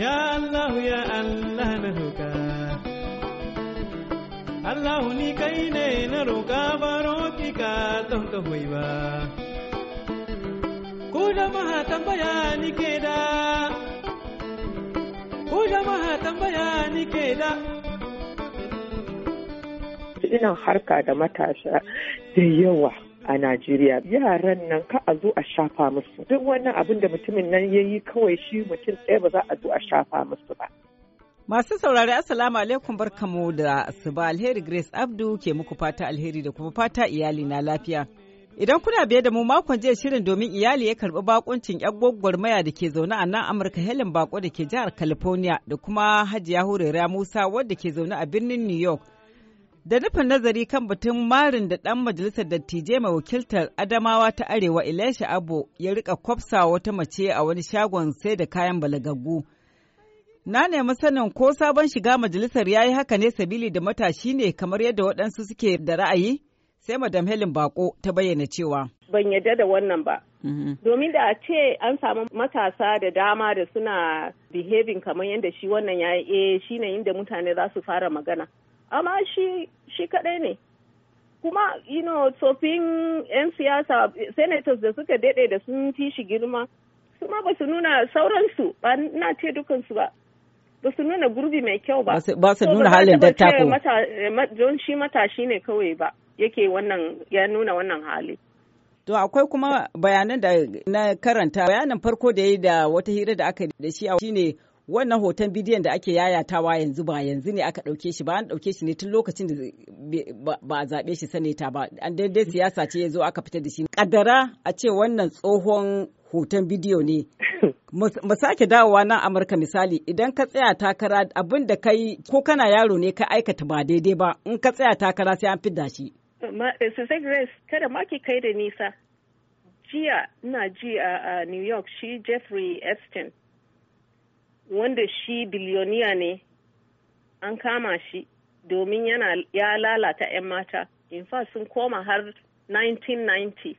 Ya Allah ya Allah na roƙa Allah ni kai ne na roƙa baro ki ka don ka hoyi ba Ku ke da ke da Ina harka da matasa da yawa a Najeriya yaran nan ka a zo a shafa musu duk wannan abin da mutumin nan ya yi kawai shi mutum ɗaya ba za a zo a shafa musu ba. Masu saurari Assalamu alaikum barkamu da asuba alheri Grace Abdu ke muku fata alheri da kuma fata iyali na lafiya. Idan kuna biye da mu makon jiya shirin domin iyali ya karbi bakuncin yan gwagwarmaya da ke zaune a nan Amurka Helen Bako da ke jihar California da kuma Hajiya Hurera Musa wadda ke zaune a birnin New York. da nufin nazari kan batun marin da ɗan majalisar dattijai mai wakiltar adamawa ta arewa Elisha abu ya rika kwafsa wata mace a wani shagon sai da kayan balagaggu. Na nemi sanin ko sabon shiga majalisar ya yi haka ne sabili da matashi ne kamar yadda waɗansu suke da ra'ayi? Sai Madam Helen Bako ta bayyana cewa. Ban yadda da wannan ba. Mhm. Domin da a ce an samu matasa da dama da suna behaving kamar yadda shi wannan ya yi, eh, shi ne inda mutane za su fara magana. amma shi shi kadai ne kuma you know tsofin yan siyasa senators da suka dade da sun fi shi girma su ma ba su nuna sauransu ba na ce dukansu ba ba su nuna gurbi mai kyau ba ba su nuna halin dattako don shi matashi ne kawai ba yake wannan ya nuna wannan hali To akwai kuma bayanan da na karanta bayanan farko da ya da wata hira da aka da shi a shine wannan hoton bidiyon da ake yayatawa yanzu ba yanzu ne aka ɗauke shi ba an ɗauke shi ne tun lokacin da ba a zaɓe shi sanita ba an daidai siyasa ce ya zo aka fita da shi ƙaddara a ce wannan tsohon hoton bidiyo ne mu sake dawowa nan amurka misali idan ka tsaya takara abin da kai ko kana yaro ne ka aikata ba daidai ba in ka tsaya takara sai an fidda shi eh, kada ma kai da nisa jiya ina ji a new york shi jeffrey epstein wanda shi biliyoniya ne an kama shi domin yana ya lalata 'yan mata in fa sun koma har 1990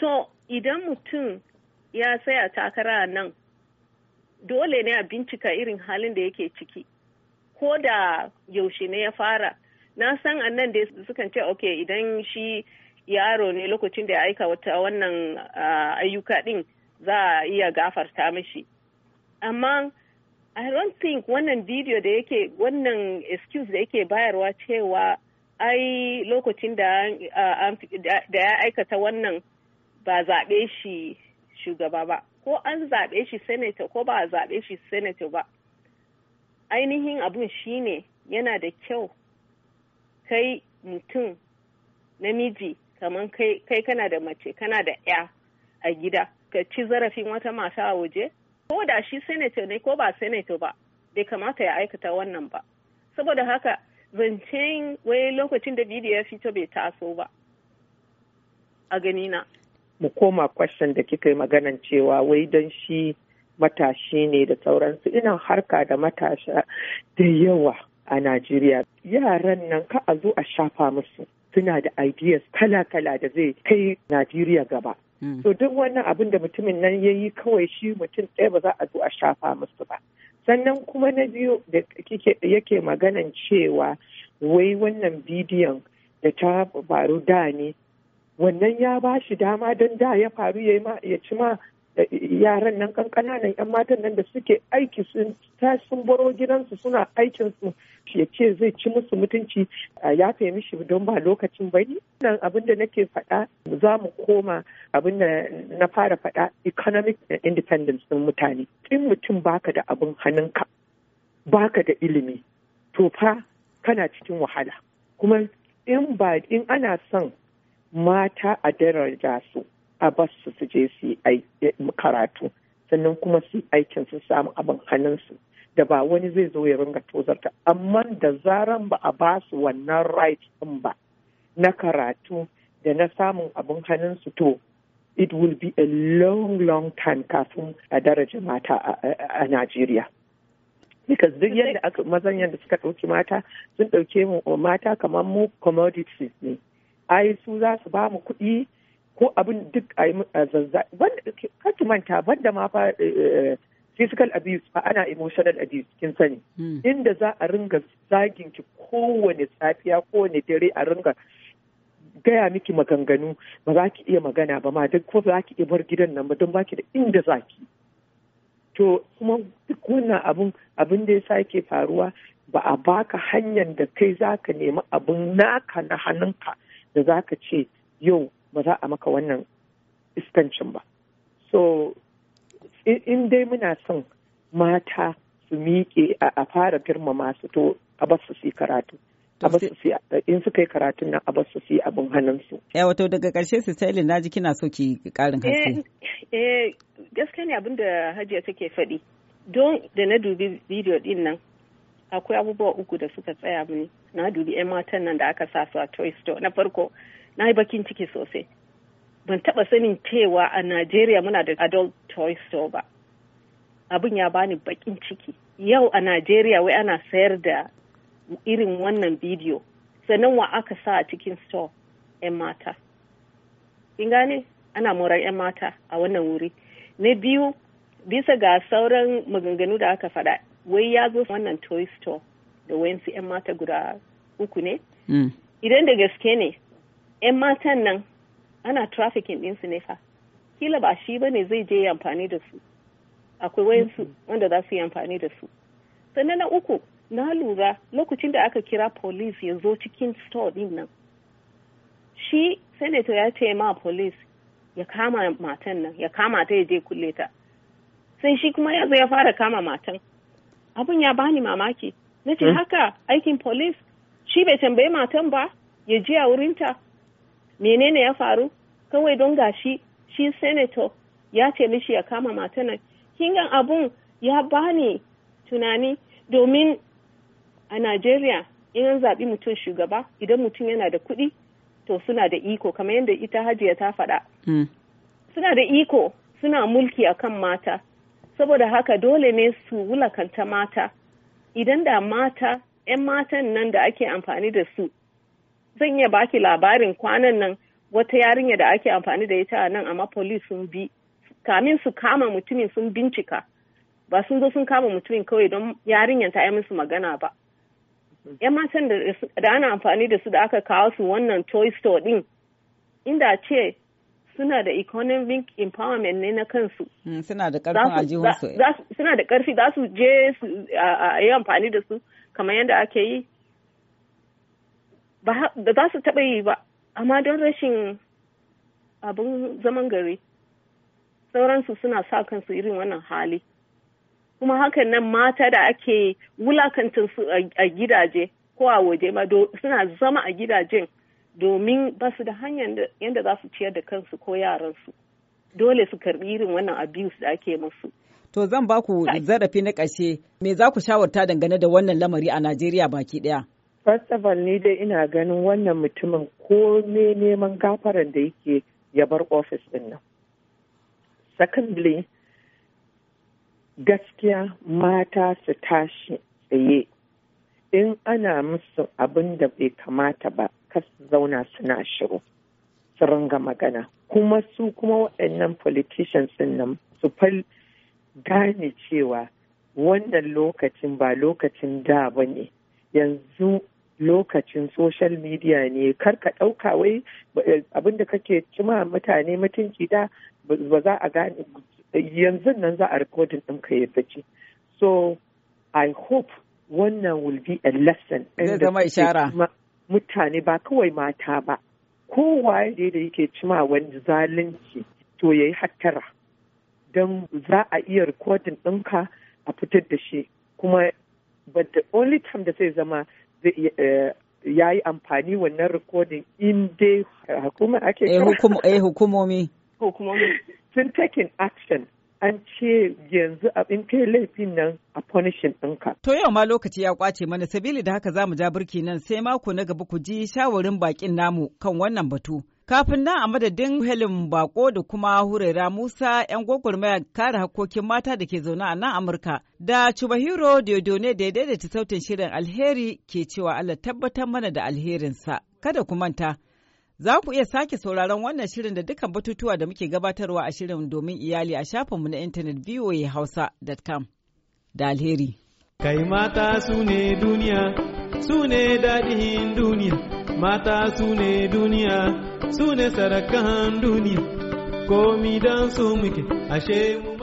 so idan mutum ya tsaya takara nan dole ne a bincika irin halin da yake ciki ko da yaushe ne ya fara na san annan da sukan ce ok idan shi yaro ne lokacin da ya aika wata wannan ah, ayyuka din za a iya gafarta mishi amma i don't think wannan video da yake wannan excuse da yake bayarwa cewa ai lokacin da ya aikata wannan ba zaɓe shi shugaba ba ko an zaɓe shi senator ko ba a zaɓe shi senator ba ainihin abun shine yana da kyau kai mutum namiji kamar kai kana da mace kana da ya a gida ka ci zarafin wata mata a waje ko da shi senator ne ko ba senator ba bai kamata ya aikata wannan ba saboda haka zancen wai lokacin da bidiyo ya fito bai taso ba a ganina mu koma question da kika yi maganan cewa wai don shi matashi ne da sauransu ina harka da matasha da yawa a Najeriya. Yaran nan ka a zo a shafa musu suna da ideas kala-kala da zai kai Najeriya gaba. to mm. duk wannan abin da mutumin nan ya yi kawai shi mutum ɗaya ba za a zo a shafa musu ba sannan kuma na biyu da yake maganan cewa wai wannan bidiyon da ta faru da ne wannan ya ba shi dama don da ya faru ya ci ma yaran nan nan yan matan nan da suke aiki sun sun baro gidansu suna aikin su ya ce zai ci musu mutunci ya fahimi mishi don ba lokacin ni nan abin da nake faɗa za mu koma abin da na fara faɗa economic independence din mutane in mutum baka da abin hannunka baka da ilimi to fa kana cikin wahala kuma in ba in ana son mata a daraja su a bas su su je su eh, karatu sannan kuma su aikin su samu abin su. da ba wani zai zo ya ringa tozarta amma da zaran ba a ba su wannan right ɗin ba na karatu da na samun abin hannunsu to it will be a long long time kafin a daraja mata a Najeriya. Because duk yadda aka mazan yadda suka ɗauki mata sun ɗauke mu mata kamar mu commodities ne. Ai su za su ba mu kuɗi ko abin duk a yi zazzabi manta banda ma fa eh, eh, physical abuse ba ana emotional abuse kin sani hmm. inda za a ringa zagin ki kowane safiya kowane dare a ringa gaya miki maganganu ba za ki iya magana ba ma duk ko za ki iya bar gidan nan ba don ba ki da inda za ki to kuma duk wannan abun abin da ya sake faruwa ba a baka hanyar da kai za ka nemi abin naka na hannunka da za ka ce yau ba za a maka wannan iskancin ba so in dai muna son mata su miƙe a fara girmama su to a basu su karatu in suka yi karatu nan a basu su abin hannunsu. Ya wato daga ƙarshe su tsaye na ji kina so ki ƙarin eh, haske. Eh gaskiya ne abin da Hajiya take faɗi. Don da na dubi bidiyo ɗin nan akwai abubuwa uku da suka tsaya mini na dubi 'yan matan nan da aka sa su a Toy Store na farko na yi bakin ciki sosai ban taba sanin cewa a najeriya muna da adult toy store ba abin ya bani bakin ciki yau a najeriya wai ana sayar da irin wannan bidiyo sannan wa aka sa a cikin store 'yan mata in gane ana morar 'yan mata a wannan wuri na biyu bisa ga sauran maganganu da aka faɗa wai ya zo wannan toy store da wayansu 'yan mata guda uku ne mm. idan da gaske ne 'yan matan nan ana trafficking ɗinsu ne fa kila ba shi ba ne zai je yi amfani da su akwai wayansu mm-hmm. wanda za su yi amfani da su sannan na uku na lura lokacin da aka kira police ya zo cikin store din nan shi senator ya ce ma police ya kama matan nan ya kama ta ya je kulle ta sai shi kuma ya ya fara kama matan abun ya bani mamaki na ce mm. haka aikin police shi bai tambaye matan ba ya je a wurinta menene ya faru kawai don gashi shi senator ya ce mishi ya kama mata nan kingan abun ya bani tunani domin a nigeria in zaɓi mutum shugaba idan mutum yana da kuɗi to suna da iko kamar yadda ita hajiya ta faɗa mm. suna da iko suna mulki akan mata saboda haka dole ne su wulakanta mata idan da mata 'yan matan nan da ake amfani da su zan iya baki labarin kwanan nan wata yarinya da ake amfani da ita nan amma police sun bi kamin su kama mutumin sun bincika ba sun zo sun kama mutumin kawai don yarinyar ta yi musu magana ba yan matan da ana amfani da su da aka kawo su wannan toy store din inda ce suna da economic empowerment ne na kansu mm, suna da karfin su. Eh. suna da karfi za su je a yi amfani da su kamar yadda ake yi ba za su taɓa yi ba amma don rashin abin zaman gari sauransu suna sa kansu irin wannan hali kuma hakan nan mata da ake wulakantar su a gidaje ko a waje ma suna zama a gidajen domin ba su da hanyar yadda za su ciyar da kansu ko yaransu dole su karbi irin wannan abuse da ake musu to zan baku zarafi na ƙarshe me za ku shawarta dangane da wannan lamari a najeriya baki ɗaya first of all ni dai ina ganin wannan mutumin ko ne neman gafaran da yake ya bar ofis din nan secondly gaskiya mata su tashi tsaye in ana musu abin da bai kamata ba su zauna suna shiru su ringa magana kuma su kuma waɗannan politicians din nan su fal gane cewa wannan lokacin ba lokacin da ba ne yanzu lokacin social media ne kar ka ɗauka wai eh, abinda da kake cima mutane mutunci da ba za a gane yanzu nan za a rikodin ɗinka ya fice so i hope wannan will be a lesson zai zama ishara mutane ba kawai mata ba kowa da da yake cima wani zalunci to ya hattara don za a iya rikodin ɗinka a fitar da shi kuma but the only time da zai zama Eh, ya yi amfani wannan rikodin in dai hukumar ake eh, eh hukumomi hukumomi sun taking action an ce yanzu abin kai laifin nan a punishing ɗinka. To yau ma lokaci ya kwace mana sabili da haka za mu ja birki nan sai mako na gaba ku ji shawarin bakin namu kan wannan batu. Kafin nan a madadin Helen Bako da kuma Huraira Musa 'yan gwagwarmayar kare hakkokin mata da ke zaune a nan Amurka da Chubahiro Diodone da ya daidaita sautin shirin alheri ke cewa Allah tabbatar mana da alherinsa. Kada ku manta, za ku iya sake sauraron wannan shirin da dukkan batutuwa da muke gabatarwa a shirin domin iyali a shafinmu na intanet voahausa.com da alheri. Kai mata su ne duniya, su ne daɗin duniya. mata su ne duniya su ne sarakan duniya komi dan su muke ashe mu